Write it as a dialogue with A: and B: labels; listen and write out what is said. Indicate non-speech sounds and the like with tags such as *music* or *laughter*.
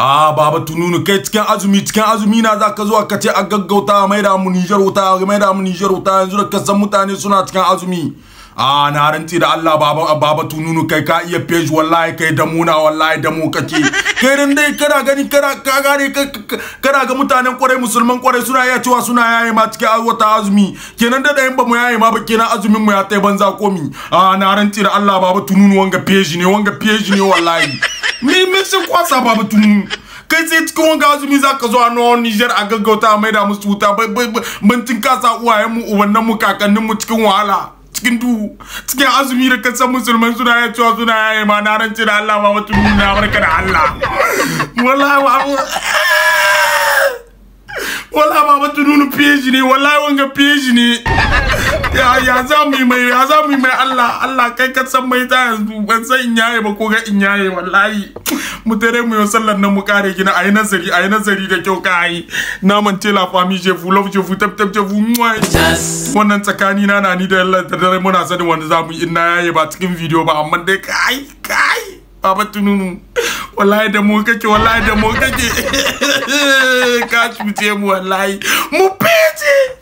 A: a baba tununu kai cikin azumi cikin azumi na za ka zuwa ka ce a gaggauta mai da mu nijar wuta mai da mu nijar wuta yanzu da kasan mutane suna cikin azumi a na rantsi da Allah baba baba tununu kai ka iya page wallahi kai da muna wallahi da mu kake kai dan dai kana gani kana ka gane kana ga mutanen kwarai musulman kwarai suna iya cewa suna yaye ma cikin wata azumi kenan da dayan ba mu yaye ma ba kenan azumin mu ya tai banza komi a na rantsi da Allah baba tununu wanga page ne wanga page ne wallahi mimin sun kwasa ba batun kai sai cikin wanga azumi za ka zo a nawa Nijar a gaggauta a maida musu wuta bantin kasa uwayen mu ubannan mu kakannin mu cikin wahala cikin duhu cikin azumi da kasan musulman suna ya cewa suna ya yi ma na rance da Allah ba mutum na barka da Allah wallahi ba wallahi ba mutum nunu fiye ne wallahi wanga fiye ne ya za mu yi mai ya za mu yi mai Allah Allah kai ka san mai ta yanzu ban san in yaye ba ko ga in yaye wallahi mu tare mu yi sallar nan mu kare gina ayi nazari ayi nazari da kyau ka yi naman tela fami je fu love je fu tap tap je fu wannan tsakani na na ni da Allah da dare muna sani wanda za mu yi in yaye ba cikin video ba amma dai kai kai baba tununu wallahi da mu kake wallahi da mu kake *laughs* ka cuce mu wallahi mu pete